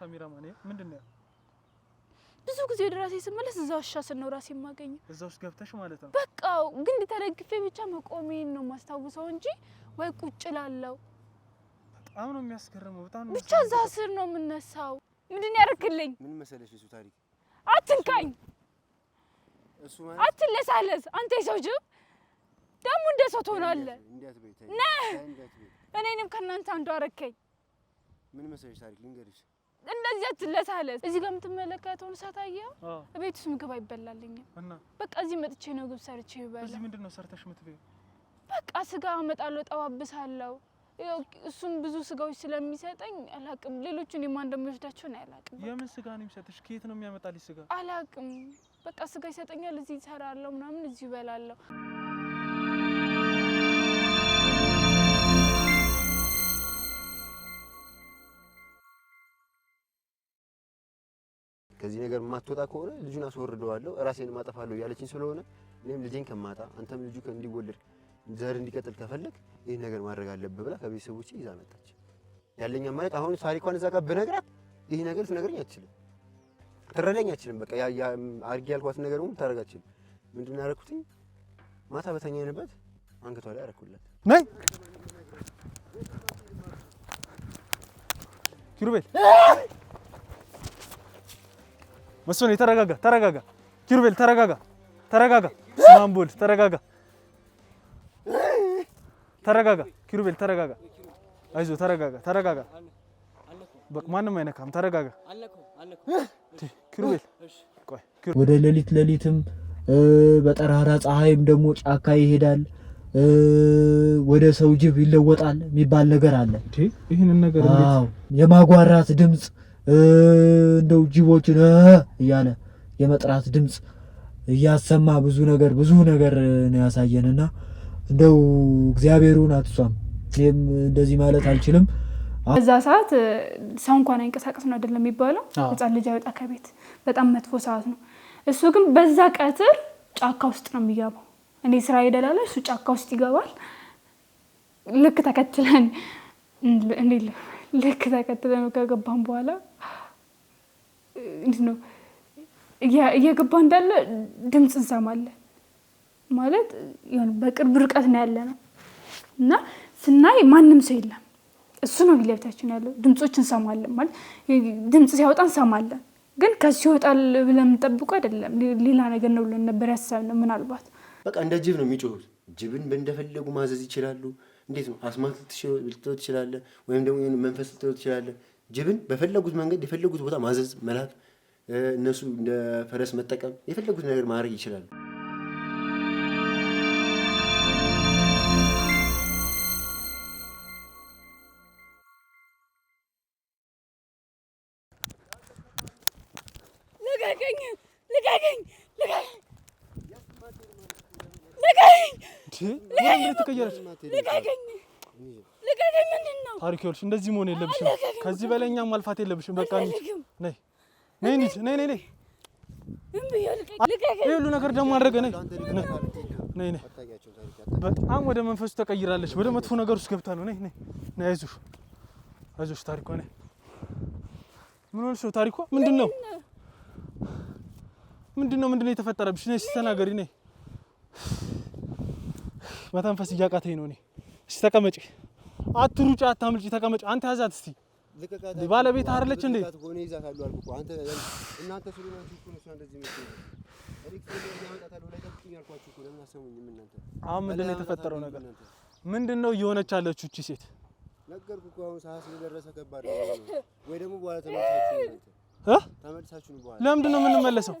ካሜራማን ምንድን ነው? ብዙ ጊዜ ወደ ራሴ ስመለስ እዛ ውሻ ስነው ራሴ የማገኘው እዛ ውስጥ ገብተሽ ማለት ነው። በቃ ግን ተደግፌ ብቻ መቆሜን ነው የማስታውሰው እንጂ ወይ ቁጭ እላለሁ። በጣም ነው የሚያስገርመው። በጣም ብቻ እዛ ስር ነው የምነሳው። ምንድን ያደርክልኝ? ምን መሰለሽ እሱ ታሪክ አትንካኝ፣ እሱ አትለሳለስ። አንተ የሰው ጅብ ደግሞ እንደ ሰው ትሆናለህ። እኔንም ከእናንተ አንዱ አረከኝ። ምን መሰለሽ ታሪክ ልንገርሽ እንደዚያ ትለታለ። እዚህ ጋር የምትመለከተውን ሳታየ ቤት ውስጥ ምግብ አይበላልኝም። በቃ እዚህ መጥቼ ነው ምግብ ሰርቼ ይበላ። እዚህ ምንድን ነው ሰርተሽ የምትበይው? በቃ ስጋ አመጣለሁ፣ ጠባብሳለሁ። እሱም ብዙ ስጋዎች ስለሚሰጠኝ አላቅም። ሌሎቹን የማን እንደሚወስዳቸው ነው አላቅም። የምን ስጋ ነው የሚሰጥሽ? ከየት ነው የሚያመጣልሽ ስጋ? አላቅም። በቃ ስጋ ይሰጠኛል፣ እዚህ ይሰራለሁ ምናምን፣ እዚህ ይበላለሁ። ከዚህ ነገር የማትወጣ ከሆነ ልጁን አስወርደዋለሁ ራሴን ማጠፋለሁ እያለችኝ ስለሆነ እኔም ልጄን ከማጣ አንተም ልጁ እንዲወለድ ዘር እንዲቀጥል ከፈለግ ይህ ነገር ማድረግ አለብህ ብላ ከቤተሰቦች ይዛ መጣች። ያለኛ ማለት አሁን ታሪኳን እዛ ጋር ብነግራት ይህ ነገር ልትነግረኝ አትችልም፣ ትረዳኝ አትችልም። በቃ አድርጌ ያልኳት ነገር ሁሉ ታደርግ አትችልም። ምንድን ያደረኩትኝ ማታ በተኛንበት አንገቷ ላይ አደረኩላት። ነይ ኪሩቤል መስፍኔ ተረጋጋ፣ ተረጋጋ። ኪሩቤል ተረጋጋ፣ ተረጋጋ። ስማምቦል ተረጋጋ፣ ተረጋጋ። ኪሩቤል ተረጋጋ፣ አይዞ ተረጋጋ፣ ተረጋጋ። በቃ ማንም አይነካም፣ ተረጋጋ። ኪሩቤል ወደ ሌሊት ሌሊትም በጠራራ ፀሐይም ደግሞ ጫካ ይሄዳል። ወደ ሰው ጅብ ይለወጣል የሚባል ነገር አለ። ይህንን ነገር የማጓራት ድምፅ እንደው ጅቦችን እያለ የመጥራት ድምፅ እያሰማ ብዙ ነገር ብዙ ነገር ነው ያሳየንና እንደው እግዚአብሔሩን አትሷም። ይህም እንደዚህ ማለት አልችልም። እዛ ሰዓት ሰው እንኳን አይንቀሳቀስ ነው አይደለም የሚባለው። ህፃን ልጅ አይወጣ ከቤት በጣም መጥፎ ሰዓት ነው። እሱ ግን በዛ ቀትር ጫካ ውስጥ ነው የሚገባው። እኔ ስራ ይደላለ፣ እሱ ጫካ ውስጥ ይገባል። ልክ ተከትለን ልክ ተከትለን ከገባን በኋላ እንዴት ነው እየገባ እንዳለ ድምፅ እንሰማለን። ማለት በቅርብ ርቀት ነው ያለ ነው እና ስናይ ማንም ሰው የለም። እሱ ነው ፊትለፊታችን ያለው። ድምፆች እንሰማለን ማለት ድምፅ ሲያወጣ እንሰማለን፣ ግን ከሱ ይወጣል ብለን የምንጠብቁ አይደለም። ሌላ ነገር ነው ብለን ነበር ያሰብነው። ምናልባት በቃ እንደ ጅብ ነው የሚጮሁት። ጅብን እንደፈለጉ ማዘዝ ይችላሉ። እንዴት ነው አስማት ልትችላለ፣ ወይም ደግሞ መንፈስ ልትለው ትችላለ። ጅብን በፈለጉት መንገድ የፈለጉት ቦታ ማዘዝ፣ መላክ፣ እነሱ እንደ ፈረስ መጠቀም የፈለጉት ነገር ማድረግ ይችላሉ። ልቀቀኝ! ታሪክ እንደዚህ መሆን የለብሽም። ከዚህ በላይ እኛም ማልፋት የለብሽም። በቃ ነይ ነይ ነይ ነይ ነይ። ይሄ ሁሉ ነገር ደግሞ አድረገ። ነይ ነይ ነይ። በጣም ወደ መንፈሱ ተቀይራለች፣ ወደ መጥፎ ነገር ውስጥ ገብታ ነው። ነይ ነይ ነይ። አይዞሽ አይዞሽ። ታሪኳ ምን ሆነሽ ነው? ታሪኳ ምንድን ነው? ምንድን ነው? ምንድን ነው የተፈጠረብሽ? ነይ እስኪ ተናገሪ። ነይ መተንፈስ እያቃተኝ ነው። ነይ እስኪ ተቀመጪ። አትሩጫ፣ አታምልጪ፣ ተቀመጭ። አንተ ያዛት እስቲ ባለቤት አይደለች እንዴ? አሁን ምንድን ነው የተፈጠረው ነገር? ምንድን ነው እየሆነች አለችው እቺ ሴት? ነገርኩ እኮ አሁን ሰዓት ስለደረሰ ከባድ ነው። ወይ ደግሞ በኋላ ተመልሳችሁ እ ተመልሳችሁ ነው። በኋላ ለምንድን ነው የምንመለሰው?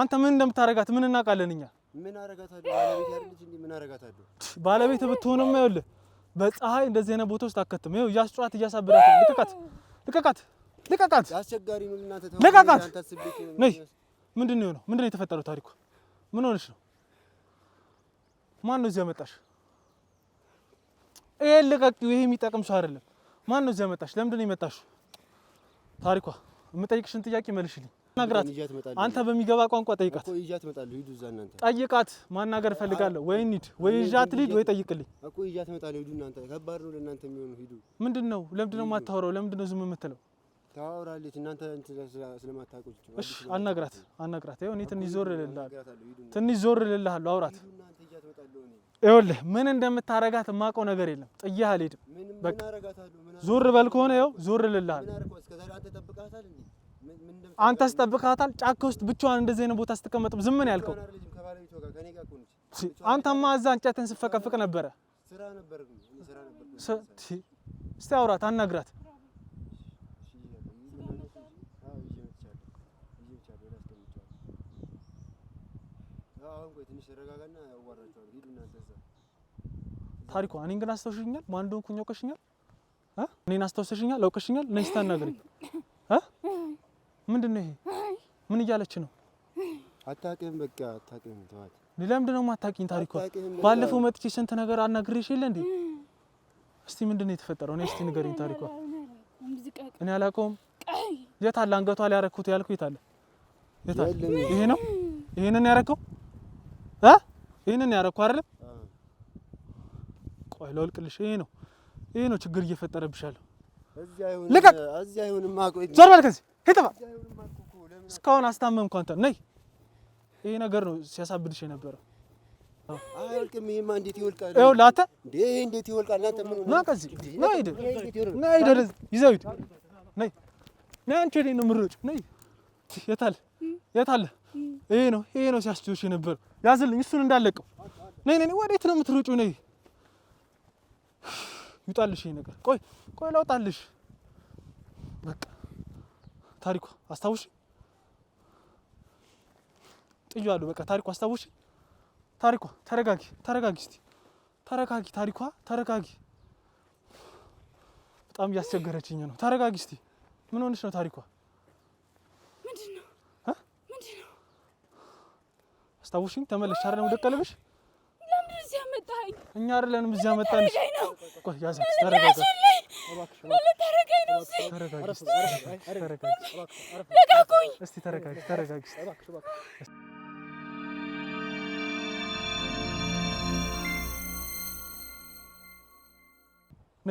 አንተ ምን እንደምታረጋት ምን እናውቃለን እኛ? ምን አረጋታለሁ? ባለቤት አይደለች እንዴ? ምን አረጋታለሁ? ባለቤት ብትሆንም ይኸውልህ በፀሐይ እንደዚህ አይነት ቦታ ውስጥ አከተም። ይኸው እያስጨዋት እያሳበዳት ልቀቃት፣ ልቀቃት፣ ልቀቃት፣ ልቀቃት። ነይ። ምንድን ነው የሆነው? ምንድን ነው የተፈጠረው? ታሪኩ ምን ሆነሽ ነው? ማን ነው እዚህ ያመጣሽ? ይሄ ልቀቂው፣ ይሄ የሚጠቅም ሰው አይደለም። ማን ነው እዚህ ያመጣሽ? ለምንድን ነው የመጣሽው? ታሪኳ የምጠይቅሽን ጥያቄ መልሽልኝ። ነግራት አንተ በሚገባ ቋንቋ ጠይቃት። ጠይቃት ማናገር እፈልጋለሁ። ወይ ሂድ ወይ ይዣት ልሂድ ወይ ጠይቅልኝ። እኮ ሂዱ እናንተ፣ ምንድን ነው ለምንድን ነው የማታወራው? ለምንድን ነው ዝም የምትለው? ታወራለች። እናንተ ስለማታውቁት እሺ፣ አናግራት አናግራት። ይኸው እኔ ትንሽ ዞር እልልሃለሁ፣ ትንሽ ዞር እልልሃለሁ። አውራት። ይኸውልህ ምን እንደምታረጋት የማውቀው ነገር የለም። ጥዬህ አልሄድም በቃ ዙር በል ከሆነ ይኸው ዙር ልልሃል። አንተ አስጠብቃታል። ጫካ ውስጥ ብቻዋን እንደዚህ አይነት ቦታ ስትቀመጥ ዝም ነው ያልከው። አንተማ እዛ እንጨትን ስፈቀፍቅ ነበረ። እስቲ አውራት፣ አናግራት። ታሪኳ እኔን ግን አስተውሽኛል። ማን እንደሆንኩኝ አውቀሽኛል። እኔን አስታውሰሽኛል? አውቀሽኛል? ነይ እስኪ አናግሪኝ። ምንድን ነው ይሄ? ምን እያለች ነው? አታውቂም። በቃ አታውቂም። ተዋት። ለምንድን ነው የማታውቂኝ? ታሪኳ ባለፈው መጥቼ ስንት ነገር አናግሬሽ የለ እንዴ? እስቲ ምንድን ነው የተፈጠረው? እኔ እስቲ ንገሪኝ። ታሪኳ እኔ አላውቀውም። የት አለ አንገቷ ላይ ያረኩት ያልኩ የት አለ? የት አለ? ይሄ ነው። ይሄንን ያረከው እ ይሄንን ያረኩ አይደለም? ቆይ ለወልቅልሽ። ይሄ ነው ይሄ ነው ችግር እየፈጠረብሻለሁ። ልቀቅ! ዞር በል ከዚህ ሂድ! ጥፋ! እስካሁን አስታመምኩ አንተን። ነይ ይሄ ነገር ነው ሲያሳብድሽ የነበረው። አይወልቅም። ይሄማ እንዴት ይወልቃል? ይኸውልህ አንተ እንዴት ይወልቃል? አንተ ምን ነው ከዚህ ነው ሂድ፣ ነው ሂድ፣ ወደዚህ ይዘው ሂድ። ነይ ነይ፣ አንቺ ወዴት ነው የምትሮጪው? ነይ። የት አለ? የት አለ? ይሄ ነው ይሄ ነው ሲያስችልሽ የነበረው። ያዝልኝ እሱን እንዳለቀው። ነይ ነይ፣ ወዴት ነው የምትሮጪው? ነይ ይውጣልሽ ይሄ ነገር። ቆይ ቆይ ላውጣልሽ። በቃ ታሪኩ አስታውሽ ጥዩ አሉ። በቃ ታሪኩ አስታውሽ። ታሪኩ ተረጋጊ፣ ተረጋጊ፣ እስቲ ተረጋጊ። ታሪኩ ተረጋጊ። በጣም እያስቸገረችኝ ነው። ተረጋጊ እስቲ። ምን ሆነሽ ነው ታሪኩ? ታሪኳ? ነው አስታውሽኝ። ተመለሽ። አረ ነው ደቀለብሽ ያመጣኸኝ? እኛ አይደለንም እዚህ ያመጣን።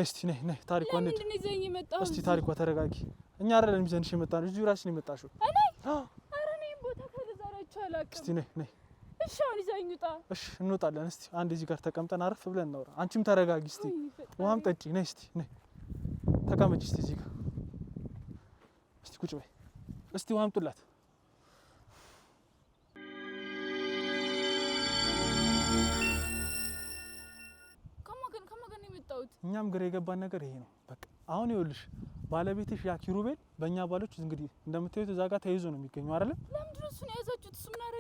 እስቲ ነይ ነይ፣ ታሪኳ እንዴት? እስቲ ታሪኳ ተረጋጊ። እኛ አይደለንም ይዘንሽ የመጣን እዚሁ ራስሽን የመጣሽው። እስቲ ነይ ነይ እሺ አሁን ይዘኝ ውጣ። እሺ እንወጣለን። እስቲ አንድ እዚህ ጋር ተቀምጠን አረፍ ብለን እናውራ። አንቺም ተረጋጊ እስቲ፣ ውሃም ጠጪ። ነይ እስቲ፣ ነይ ተቀመጪ እስቲ እዚህ ጋር እስቲ ቁጭ በይ እስቲ፣ ውሃም ጥላት ከማን ከማን ነው የመጣሁት? እኛም ግራ የገባን ነገር ይሄ ነው። አሁን ይኸውልሽ ባለቤትሽ ያ ኪሩቤል በእኛ ባሎች እንግዲህ እንደምታዩት እዛ ጋር ተይዞ ነው የሚገኘው አይደለ?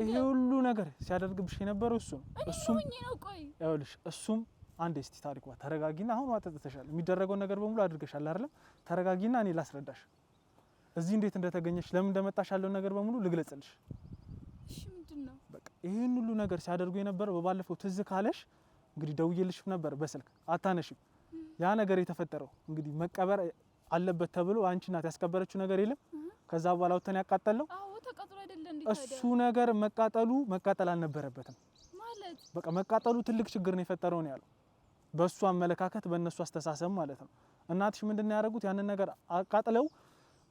ይሄ ሁሉ ነገር ሲያደርግብሽ የነበረው እሱ እሱም ይኸውልሽ እሱም አንድ እስቲ ታሪኳ ተረጋጊና፣ አሁን ዋጠጥተሻል፣ የሚደረገውን ነገር በሙሉ አድርገሻል አይደለም? ተረጋጊና እኔ ላስረዳሽ። እዚህ እንዴት እንደተገኘሽ ለምን እንደመጣሽ ያለውን ነገር በሙሉ ልግለጽልሽ። በቃ ይህን ሁሉ ነገር ሲያደርጉ የነበረው በባለፈው ትዝ ካለሽ እንግዲህ ደውዬልሽ ነበር በስልክ አታነሽም ያ ነገር የተፈጠረው እንግዲህ መቀበር አለበት ተብሎ አንቺ እናት ያስቀበረችው ነገር የለም። ከዛ በኋላ ወተን ያቃጠለው እሱ ነገር መቃጠሉ መቃጠል አልነበረበትም። በቃ መቃጠሉ ትልቅ ችግር ነው የፈጠረው ነው ያለው። በእሱ አመለካከት በእነሱ አስተሳሰብ ማለት ነው። እናትሽ ምንድን ያደረጉት ያንን ነገር አቃጥለው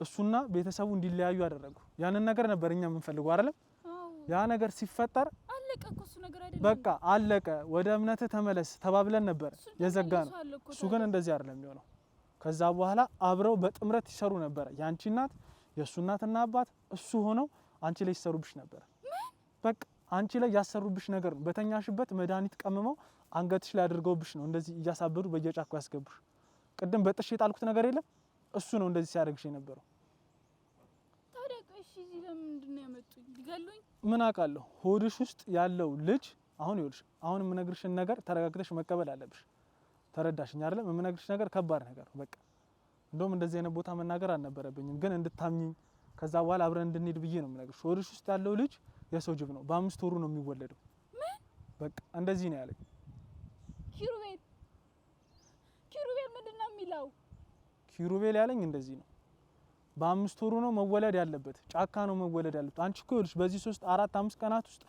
እሱና ቤተሰቡ እንዲለያዩ አደረጉ። ያንን ነገር ነበር እኛ የምንፈልገው አይደለም። ያ ነገር ሲፈጠር አለቀ እኮ እሱ ነገር አይደለም። በቃ አለቀ። ወደ እምነትህ ተመለስ ተባብለን ነበር የዘጋ ነው እሱ ግን እንደዚህ አይደለም የሚሆነው። ከዛ በኋላ አብረው በጥምረት ይሰሩ ነበር የአንቺ እናት የእሱ እናትና አባት እሱ ሆነው አንቺ ላይ ይሰሩብሽ ነበር። በቃ አንቺ ላይ ያሰሩብሽ ነገር ነው። በተኛሽበት መድኃኒት ቀምመው አንገትሽ ላይ አድርገውብሽ ነው እንደዚህ እያሳበዱ በየጫኩ ያስገቡሽ። ቅድም በጥሽ የጣልኩት ነገር የለም እሱ ነው እንደዚህ ሲያደርግሽ የነበረው። ታዲያ ቆይ እዚህ ለምንድን ነው ያመጡኝ? ሊገሉኝ ምን አውቃለሁ ሆድሽ ውስጥ ያለው ልጅ አሁን ይኸውልሽ፣ አሁን የምነግርሽን ነገር ተረጋግተሽ መቀበል አለብሽ። ተረዳሽኝ አይደለም? የምነግርሽ ነገር ከባድ ነገር በቃ እንደውም እንደዚህ አይነት ቦታ መናገር አልነበረብኝም፣ ግን እንድታምኚኝ ከዛ በኋላ አብረን እንድንሄድ ብዬ ነው የምነግርሽ። ሆድሽ ውስጥ ያለው ልጅ የሰው ጅብ ነው። በአምስት ወሩ ነው የሚወለደው። በቃ እንደዚህ ነው ያለኝ። ኪሩቤል ኪሩቤል ምንድን ነው የሚለው? ኪሩቤል ያለኝ እንደዚህ ነው በአምስት ወሩ ነው መወለድ ያለበት። ጫካ ነው መወለድ ያለበት። አንቺ እኮ ይኸውልሽ በዚህ ሶስት አራት አምስት ቀናት ውስጥ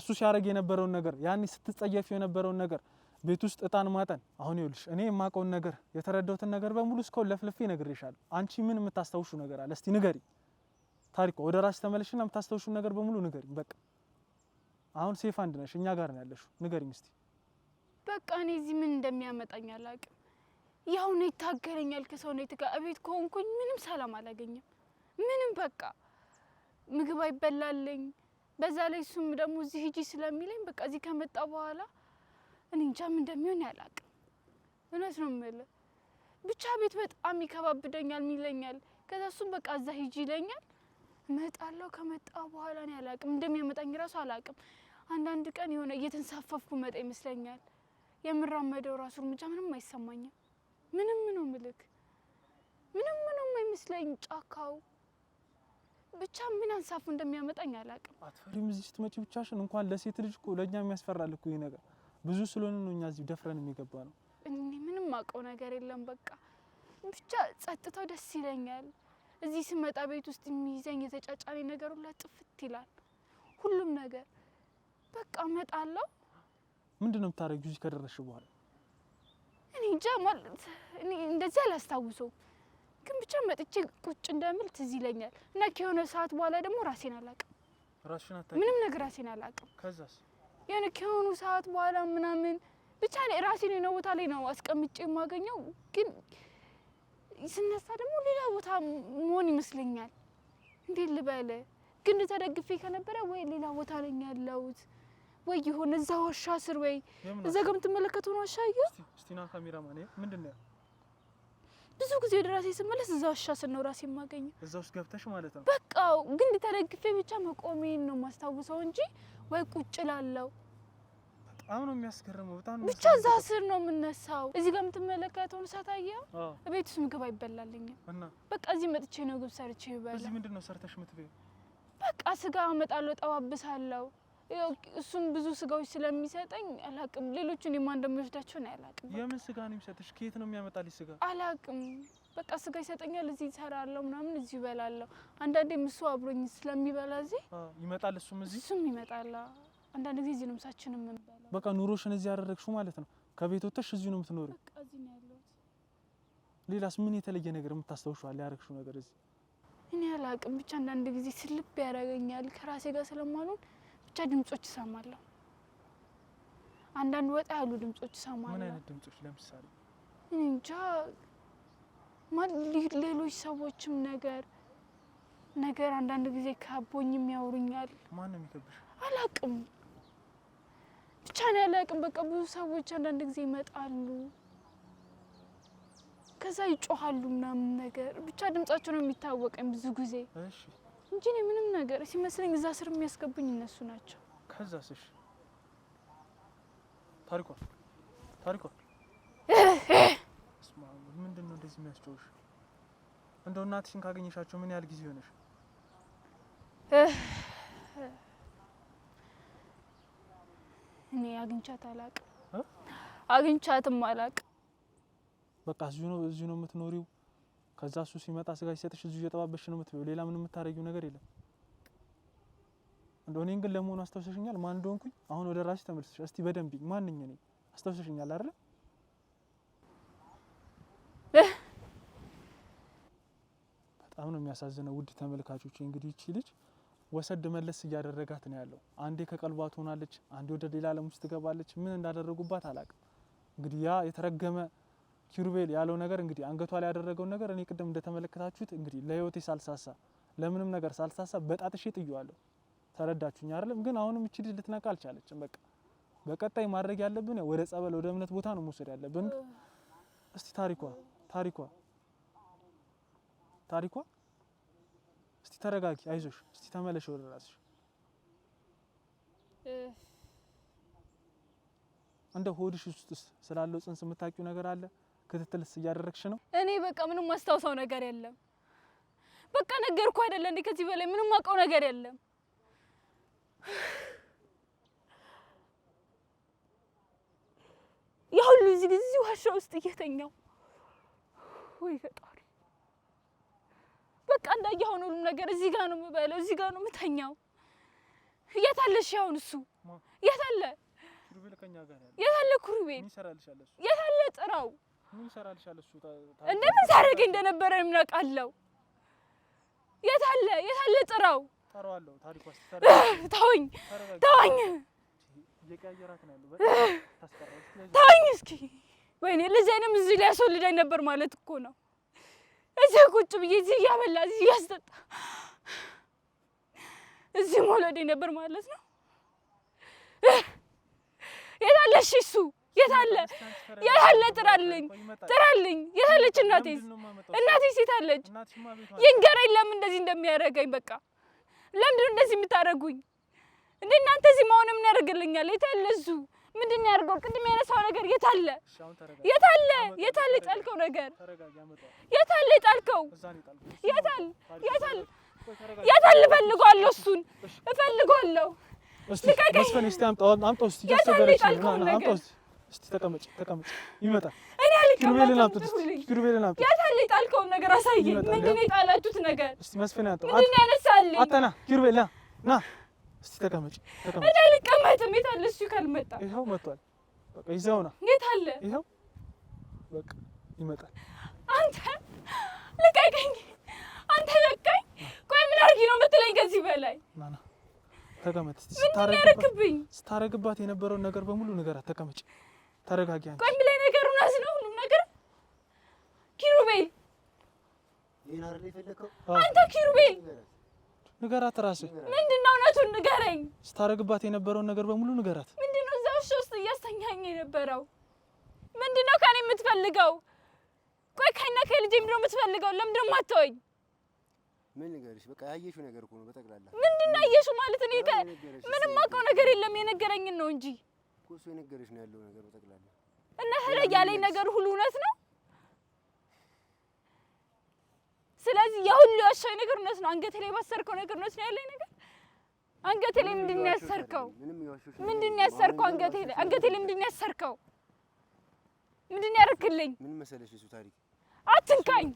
እሱ ሲያደርግ የነበረውን ነገር ያኔ ስትጸየፍ የነበረውን ነገር ቤት ውስጥ እጣን ማጠን። አሁን ይኸውልሽ እኔ የማውቀውን ነገር የተረዳሁትን ነገር በሙሉ እስካሁን ለፍልፌ እነግርሻለሁ። አንቺ ምን የምታስታውሹ ነገር አለ? እስቲ ንገሪ። ታሪኮ ወደ ራስ ተመለሽና የምታስታውሹ ነገር በሙሉ ንገሪ። በቃ አሁን ሴፍ አንድ ነሽ፣ እኛ ጋር ነው ያለሽው። ንገሪ እስቲ። በቃ እኔ እዚህ ምን እንደሚያመጣኝ አላውቅም። ያው ነው ይታገለኛል። ነው ጋር እቤት ከሆንኩኝ ምንም ሰላም አላገኝም። ምንም በቃ ምግብ አይበላልኝ በዛ ላይ እሱም ደግሞ እዚህ ሂጂ ስለሚለኝ በቃ እዚህ ከመጣ በኋላ እኔ እንጃም እንደሚሆን ያላቅ። እውነት ነው የምልህ ብቻ ቤት በጣም ይከባብደኛል ይለኛል። ከዛ እሱም በቃ እዛ ሂጂ ይለኛል። እመጣለሁ። ከመጣ በኋላ እኔ አላቅም እንደሚያመጣኝ ራሱ አላቅም። አንዳንድ ቀን የሆነ እየተንሳፈፍኩ መጣ ይመስለኛል። የምራመደው ራሱ እርምጃ ምንም አይሰማኝም። ምንም ነው ምልክ ምንም ነው የማይመስለኝ ጫካው ብቻ ምን አንሳፉ እንደሚያመጣኝ አላውቅም። አትፈሪም? እዚህ ስትመጪ ብቻሽን እንኳን ለሴት ልጅ እኮ ለእኛ የሚያስፈራል እኮ ይሄ ነገር ብዙ ስለሆነ ነው እኛ እዚህ ደፍረን የሚገባ ነው። እኔ ምንም አውቀው ነገር የለም። በቃ ብቻ ጸጥታው ደስ ይለኛል። እዚህ ስመጣ ቤት ውስጥ የሚይዘኝ የተጫጫኔ ነገር ሁላ ጥፍት ይላል። ሁሉም ነገር በቃ እመጣለሁ። ምንድን ነው የምታደርጊው እዚህ ከደረስሽ በኋላ? እኔ እንጃ ማለት እኔ እንደዚህ አላስታውሰው፣ ግን ብቻ መጥቼ ቁጭ እንደምል ትዝ ይለኛል እና ከሆነ ሰዓት በኋላ ደግሞ ራሴን አላውቅም። ራስሽን አታውቂም? ምንም ነገር ራሴን አላውቅም። ከዛስ የሆነ ከሆኑ ሰዓት በኋላ ምናምን ብቻ ራሴን የሆነ ቦታ ላይ ነው አስቀምጬ የማገኘው፣ ግን ስነሳ ደግሞ ሌላ ቦታ መሆን ይመስለኛል። እንዴት ልበል? ግን ተደግፌ ከነበረ ወይ ሌላ ቦታ ነኝ ያለሁት ወይ ይሁን እዛ ዋሻ ስር ወይ እዛ ጋር የምትመለከተውን ዋሻ አየህ? ስቲና ካሜራማን ምንድን ነው ብዙ ጊዜ ወደ ራሴ ስመለስ እዛ ዋሻ ስር ነው ራሴ የማገኘው። እዛ ውስጥ ገብተሽ ማለት ነው። በቃ ግን ተደግፌ ብቻ መቆሜን ነው ማስታውሰው እንጂ ወይ ቁጭ እላለሁ። በጣም ነው የሚያስገርመው። በጣም ብቻ እዛ ስር ነው የምነሳው። እዚህ ጋር የምትመለከተውን እሳት ቤት ውስጥ ምግብ አይበላልኝም እና በቃ እዚህ መጥቼ ነው ግብ ሰርቼ ይበላል። እዚህ ምንድን ነው ሰርተሽ የምትበይው? በቃ ስጋ አመጣለሁ፣ ጠባብሳለሁ እሱም ብዙ ስጋዎች ስለሚሰጠኝ አላቅም። ሌሎቹን የማን እንደሚወስዳቸው ነው አላቅም። የምን ስጋ ነው የሚሰጥሽ? ከየት ነው የሚያመጣልሽ ስጋ? አላቅም። በቃ ስጋ ይሰጠኛል። እዚህ ይሰራለሁ ምናምን፣ እዚህ ይበላለሁ። አንዳንዴም እሱ አብሮኝ ስለሚበላ እዚህ ይመጣል። እሱም እዚህ እሱም ይመጣል። አንዳንድ ጊዜ እዚህ ነው ምሳችን የምንበላው። በቃ ኑሮሽን እዚህ ያደረግሽው ማለት ነው። ከቤት ወጥተሽ እዚህ ነው የምትኖሪው። በቃ እዚህ ነው ያለሁት። ሌላስ ምን የተለየ ነገር የምታስታውሽው አለ ያደረግሽው ነገር እዚህ? እኔ አላቅም። ብቻ አንዳንድ ጊዜ ስልብ ያደርገኛል ከራሴ ጋር ስለማልሆን ብቻ ድምጾች እሰማለሁ። አንዳንድ ወጣ ያሉ ድምጾች እሰማለሁ። ምን አይነት ድምጾች? ለምሳሌ እንጃ ሌሎች ሰዎችም ነገር ነገር አንዳንድ ጊዜ ከቦኝም ያወሩኛል። ማን ነው የሚከብሽ? አላቅም ብቻ ነው ያላቅም። በቃ ብዙ ሰዎች አንዳንድ ጊዜ ይመጣሉ፣ ከዛ ይጮሃሉ ምናምን ነገር ብቻ ድምጻቸው ነው የሚታወቀኝ ብዙ ጊዜ። እሺ እንጂ እኔ ምንም ነገር ሲመስለኝ እዛ ስር የሚያስገቡኝ እነሱ ናቸው። ከዛ እሺ ታሪኳ ታሪኳ ምንድን ነው እንደዚህ የሚያስጨውሽ? እንደው እናትሽን ካገኘሻቸው ምን ያህል ጊዜ ሆነሽ? እኔ አግኝቻት አላቅ አግኝቻትም አላቅ። በቃ እዚሁ ነው እዚሁ ነው የምትኖሪው? ከዛ እሱ ሲመጣ ስጋ ሲሰጥሽ እዚሁ እየጠባበሽ ነው የምትበይው። ሌላ ምንም የምታረጊው ነገር የለም። እንደው እኔን ግን ለመሆኑ አስታውሰሽኛል? ማን እንደሆንኩኝ አሁን ወደ ራስሽ ተመልሰሽ እስቲ በደንብ ማን ነኝ እኔ? አስታውሰሽኛል አይደል? በጣም ነው የሚያሳዝነው ውድ ተመልካቾች። እንግዲህ እቺ ልጅ ወሰድ መለስ እያደረጋት ነው ያለው። አንዴ ከቀልቧ ትሆናለች፣ አንዴ ወደ ሌላ ዓለም ውስጥ ትገባለች። ምን እንዳደረጉባት አላውቅም። እንግዲህ ያ የተረገመ ኪሩቤል ያለው ነገር እንግዲህ አንገቷ ላይ ያደረገውን ነገር እኔ ቅድም እንደተመለከታችሁት እንግዲህ ለህይወቴ ሳልሳሳ ለምንም ነገር ሳልሳሳ በጣትሼ ጥየዋለሁ። ተረዳችሁኝ አይደለም? ግን አሁንም እቺ ልጅ ልትነቃ አልቻለችም። በቃ በቀጣይ ማድረግ ያለብን ወደ ጸበል፣ ወደ እምነት ቦታ ነው መውሰድ ያለብን። እስቲ ታሪኳ ታሪኳ ታሪኳ እስቲ ተረጋጊ፣ አይዞሽ፣ እስቲ ተመለሽ ወደ ራስሽ። እንደ ሆድሽ ውስጥ ስላለው ጽንስ የምታውቂው ነገር አለ ክትትልስ እያደረግሽ ነው? እኔ በቃ ምንም ማስታውሰው ነገር የለም። በቃ ነገርኩ አይደለ እንዴ? ከዚህ በላይ ምንም አውቀው ነገር የለም። ያ ሁሉ እዚህ ጊዜ ዋሻ ውስጥ እየተኛው ወይ ፈጣሪ፣ በቃ እንዳየኸው ነው። ሁሉም ነገር እዚህ ጋር ነው የምበለው፣ እዚህ ጋር ነው የምተኛው። የት አለ እሺ? አሁን እሱ የት አለ? የት አለ ኩሩቤል? የት አለ ጥራው? ምን ሰራልሻል? እሱ እንደምን ሳደርግ እንደነበረ የምናውቃለው። የት አለ የት አለ? ጥራው። ጠራዋለሁ። ታሪኩ ተወኝ ተወኝ ተወኝ። እስኪ ወይኔ ልጄንም እዚህ ላይ ያስወልዳኝ ነበር ማለት እኮ ነው። እዚህ ቁጭ ብዬ እዚህ እያበላ እዚህ እያስጠጣ እዚህ መውለዴ ነበር ማለት ነው። የት አለ እሱ? የታለ የታለ ጥራልኝ ጥራልኝ የታለች እናቴስ እናቴስ የታለች ይንገረኝ ለምን እንደዚህ እንደሚያደርገኝ በቃ ለምንድን ነው እንደዚህ የምታደርጉኝ እንደ እናንተ እዚህ መሆን ምን ያደርግልኛል የታለ እሱ ምንድን ነው ያደርገው ቅድም ያነሳው ነገር የታለ የታለ የታለ የጣልከው ነገር የታለ የጣልከው የታል የታል የታል እፈልገዋለሁ እሱን እፈልገዋለሁ እስቲ መስፈን እስቲ አምጣው አምጣው እስቲ ያሰበረች አምጣው እስቲ እስቲ ተቀመጭ ተቀመጭ። ይመጣል። እኔ አልቀመጥም። ኪሩቤልን አምጡት። የት አለ የጣልከውን ነገር አሳየኝ። ምንድን ነው የጣላችሁት ነገር? እስቲ መስፍን ያምጣው። ምንድን ያነሳልኝ? አታና ኪሩቤል ና ና። እስቲ ተቀመጭ ተቀመጭ። እኔ አልቀመጥም። የት አለ እሱ? ካልመጣ ይኸው መጥቷል። በቃ ይዘው ና። የት አለ? ይኸው በቃ ይመጣል። አንተ ልቀቀኝ። አንተ ለቀኝ። ቆይ ምን አድርጊ ነው የምትለኝ? ከዚህ በላይ ና ና ተቀመጥ። ስታረግባት የነበረውን ነገር በሙሉ ንገራት። ተቀመጭ ተረጋጊ። ቆይ ብለህ ነገር እውነት ነው ሁሉም ነገር ኪሩቤል። አንተ ኪሩቤል ንገራት፣ እራስህ ምንድን እውነቱን ንገረኝ። ስታረግባት የነበረውን ነገር በሙሉ ንገራት። ምንድን እዛ ውሻ ውስጥ እያስተኛኝ የነበረው ምንድን ነው የምትፈልገው? ቆይ ከእኔና ከልጄ ምንድን የምትፈልገው? ለምንድን ነው የማትወኝ? ምን ንገርሽ? በቃ ያየሽው ነገር እኮ ነው በጠቅላላ። ምንድን ያየሽው ማለት? እኔ ምንም አውቀው ነገር የለም የነገረኝን ነው እንጂ እኮ እሱ የነገረች ነው ያለው ነገር በጠቅላላ እና ህረግ ያለኝ ነገር ሁሉ እውነት ነው። ስለዚህ የሁሉ ያሻኝ ነገር እውነት ነው። አንገቴ ላይ ባሰርከው ነገር እውነት ነው ያለኝ ነገር አንገቴ ላይ ምንድን ነው ያሰርከው? ምንድን ነው ያሰርከው? አንገቴ ላይ አንገቴ ላይ ምንድን ነው ያሰርከው? ምንድን ነው ያደረክልኝ? ምን መሰለሽ እሱ ታሪክ አትንካኝ፣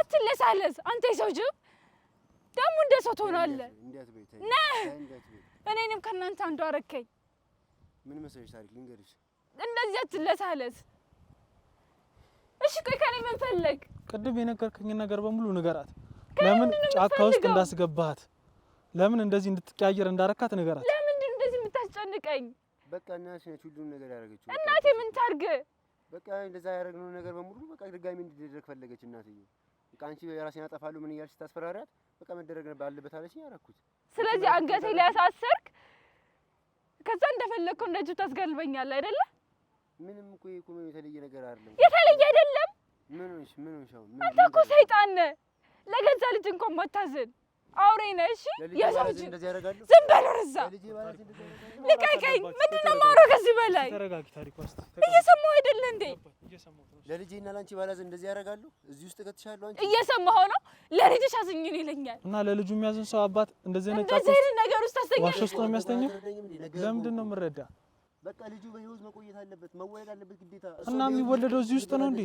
አትለሳለስ። አንተ የሰው ጅብ ደግሞ እንደ ሰው ትሆናለህ ነህ እኔንም ከእናንተ አንዱ አረከኝ። ምን መሰለሽ ታሪክ ልንገርሽ። እንደዚህ አትለሳለስ። እሺ ቆይ ከኔ ምን ፈለግ? ቅድም የነገርከኝ ነገር በሙሉ ንገራት። ለምን ጫካ ውስጥ እንዳስገባሃት፣ ለምን እንደዚህ እንድትቀያየር እንዳረካት ንገራት። ለምንድን እንደዚህ የምታስጨንቀኝ? በቃ እናቴ ነች ሁሉም ነገር ያደረገችው። እናቴ ምን ታርግ? በቃ እንደዛ ያደረግነው ነገር በሙሉ በቃ ድጋሚ እንዲደረግ ፈለገች እናትዬ በቃ አንቺ የራሴን አጠፋለሁ ምን እያልሽ ታስፈራሪያት። በቃ መደረግ ባለበት አለችኝ ያደረኩት። ስለዚህ አንገቴ ላይ አሳሰርክ። ከዛ እንደፈለግከው እንደ ጅብ ታስገልበኛለህ አይደለ? ምንም እኮ ይሄ እኮ ምንም የተለየ ነገር አይደለም። የተለየ አይደለም። ምን ሆንሽ? ምን ሆንሽ? አንተ እኮ ሰይጣን ነህ፣ ለገዛ ልጅ እንኳን ማታዘን አውሬ ነህ። እሺ የሰው ልጅ ዝም በል ወደዛ ልቀቀኝ። ምንድን ነው የማወራው ከዚህ በላይ? እየሰማሁ አይደለ እንዴ? ለልጄና ለአንቺ ባላዝ እንደዚህ ያደርጋሉ። እዚህ ውስጥ እከትሻለሁ። አንቺ እየሰማሁ ነው። ለልጅሽ አዝኝን ይለኛል እና ለልጁ የሚያዝን ሰው አባት እንደዚህ አይነት ነገር ውስጥ ታስተኛለህ። ዋሻ ውስጥ ነው የሚያስተኛው። ለምንድን ነው የምንረዳ? በቃ ልጁ በህይወት መቆየት አለበት፣ መወለድ አለበት ግዴታ። እና የሚወለደው እዚህ ውስጥ ነው እንዴ?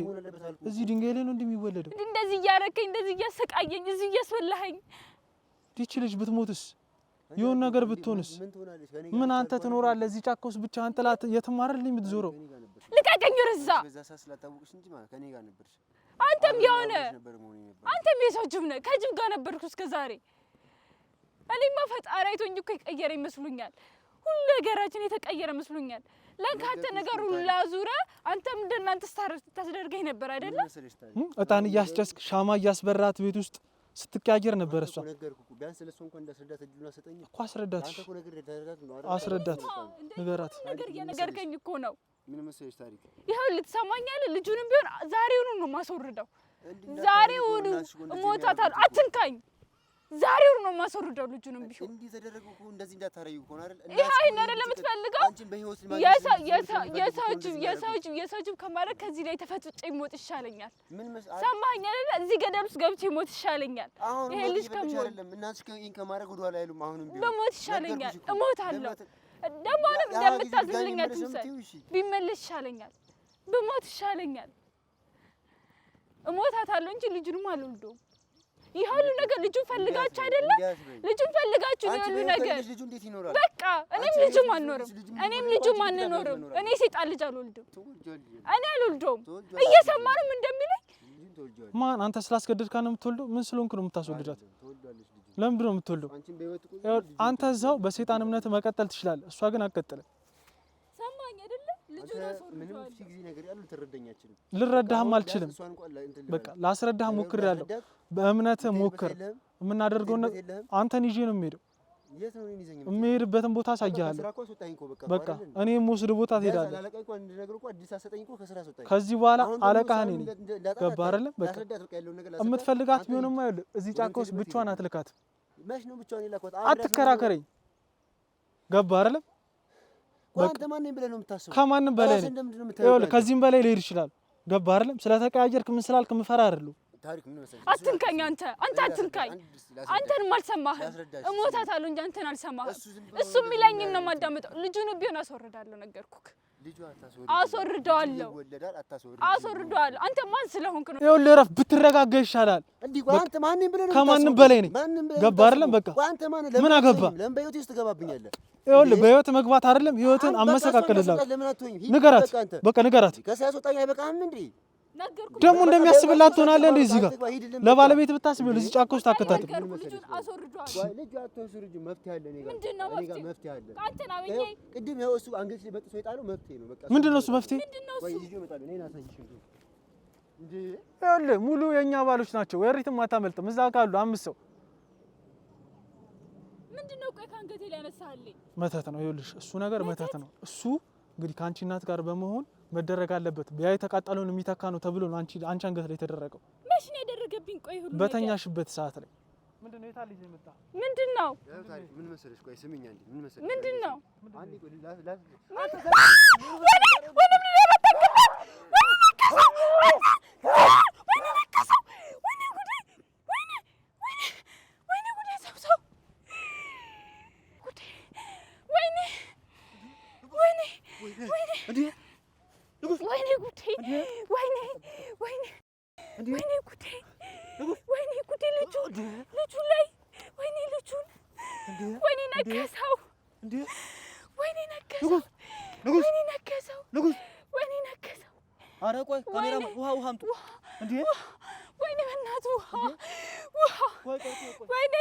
እዚህ ድንጋይ ላይ ነው እንደሚወለደው። እንደዚህ እያረከኝ፣ እንደዚህ እያሰቃየኝ፣ እዚህ እያስበላኸኝ ይቺ ልጅ ብትሞትስ ይሁን ነገር ብትሆንስ ምን አንተ ትኖራለህ እዚህ ጫካ ውስጥ ብቻ ላት የተማረልኝ የምትዞረው ልቀቀኝ ርዛ አንተም የሆነ አንተም የሰው ጅብ ነህ ከጅብ ጋር ነበርኩ እስከ ዛሬ እኔማ ፈጣሪ አይቶኝ እኮ የቀየረ ይመስሉኛል ሁሉ ነገራችን የተቀየረ መስሉኛል ለካ አንተ ነገር ሁሉ ላዙረ አንተም እንደናንተ ስታደርገኝ ነበር አይደለም እጣን እያስጨስክ ሻማ እያስበራት ቤት ውስጥ ስትቀያየር ነበር። እሷ እኮ አስረዳት አስረዳት ንገራት። ነገር እየነገርከኝ እኮ ነው። ይኸው ልትሰማኛለህ። ልጁንም ቢሆን ዛሬውኑ ነው ማስወርደው። ዛሬውኑ እሞታታለሁ። አትንካኝ ዛሬው ነው የማስወርደው። ልጁንም ቢሆን እንዴ ተደረገ እኮ እንደዚህ እንዳታረዩ እኮ አይደል? አይ ይሄን አይደለም የምትፈልገው። የሰው ጅብ ከማድረግ ከዚህ ላይ ተፈጥጬ ይሞት ይሻለኛል። ምን መስአል ሰማኸኝ አይደለ? እዚህ ገደል ውስጥ ገብቼ ይሞት ይሻለኛል። ይሄ ልጅ ከሞት አይደለም ከእን ከማድረግ ኋላ አይሉም። አሁንም በሞት ይሻለኛል። እሞታለሁ። ደግሞ አሁንም እንደምታዝልኝ አትምሰል። ቢመለስ ይሻለኛል። ብሞት ይሻለኛል። እሞታታለሁ እንጂ ልጁንም አልወልደውም። ይሄ ሁሉ ነገር ልጁን ፈልጋችሁ አይደለ? ልጁን ፈልጋችሁ ነው ሁሉ ነገር። በቃ እኔም ልጁም አንኖርም፣ እኔም ልጁም አንኖርም። እኔ ሴጣን ልጅ አልወልድም፣ እኔ አልወልደውም። እየሰማንም እንደሚለኝ ማን አንተ ስላስገደድካ ነው የምትወልደው? ምን ስለሆንክ ነው የምታስወልዳት? ለምንድን ነው የምትወልደው? አንተ እዛው በሴጣን እምነት መቀጠል ትችላለህ፣ እሷ ግን አትቀጥልም። ልረዳህም አልችልም። በቃ ላስረዳህ ሞክር ያለው በእምነት ሞክር። የምናደርገውን አንተን ይዤ ነው የምሄደው። የምሄድበትን ቦታ አሳያለሁ። በቃ እኔ የምወስድ ቦታ ትሄዳለህ። ከዚህ በኋላ አለቃህ እኔ ነኝ። ገባህ አይደለ? በቃ የምትፈልጋት ቢሆንማ ይኸውልህ እዚህ ጫካ ውስጥ ብቻዋን አትልካትም። አትከራከረኝ። ገባ አይደለም? ከማንም በላይ ከዚህም በላይ ሊሄድ ይችላል። ገባ አይደለም? ስለተቀያየርክ ምን ስላልክ ምፈራ አይደለም። አትንካኝ አንተ አንተ አትንካኝ። አንተን አልሰማህም። እሞታታለሁ እንጂ አንተን አልሰማህም። እሱ የሚለኝን ነው የማዳምጠው። ልጁን ቢሆን አስወርዳለሁ ነገርኩህ። አስወርደዋለሁ አስወርደዋለሁ። አንተ ማን ስለሆንክ ነው? ይኸውልህ እረፍ፣ ብትረጋጋ ይሻላል። ከማንም በላይ ነኝ። ገባህ አይደለም? በቃ ምን አገባህ? ይኸውልህ በህይወት መግባት አይደለም ህይወትን አመሰቃቅልላት። ንገራት፣ በቃ ንገራት። ደግሞ እንደሚያስብላት ትሆናለህ። እንደ እዚህ ጋር ለባለቤት ብታስብ እዚህ ጫካ ውስጥ አከታተል። ምንድን ነው እሱ መፍትሄ? ሙሉ የእኛ ባሎች ናቸው። ወሪትም አታመልጥም። እዛ ካሉ አምስት ሰው መተት ነው። ይኸውልሽ እሱ ነገር መተት ነው። እሱ እንግዲህ ከአንቺ እናት ጋር በመሆን መደረግ አለበት። ያ የተቃጠለውን የሚተካ ነው ተብሎ ነው አንቺ አንቺ አንገት ላይ የተደረገው። መች ነው ያደረገብኝ? ቆይ ሁሉ በተኛሽበት ሰዓት ላይ ምንድነው? የታ ልጅ የመጣ ምንድነው? ምን መሰለሽ? ቆይ ስሚኝ አንዴ። ምን መሰለሽ? ምንድነው? ወይኔ ወይኔ ወይኔ ወይኔ ወይኔ ወይኔ ጉዴ ወይኔ ጉዴ ልጁ ልጁ ላይ ወይኔ ልጁን ወይኔ ነገሰው ወይኔ ነገሰው ወይኔ ነገሰው ወይኔ ነገሰው። ኧረ ቆይ ካሜራ ውሃ ውሃ አምጡ። እንዴ ወይኔ በእናትህ ውሃ ውሃ ወይኔ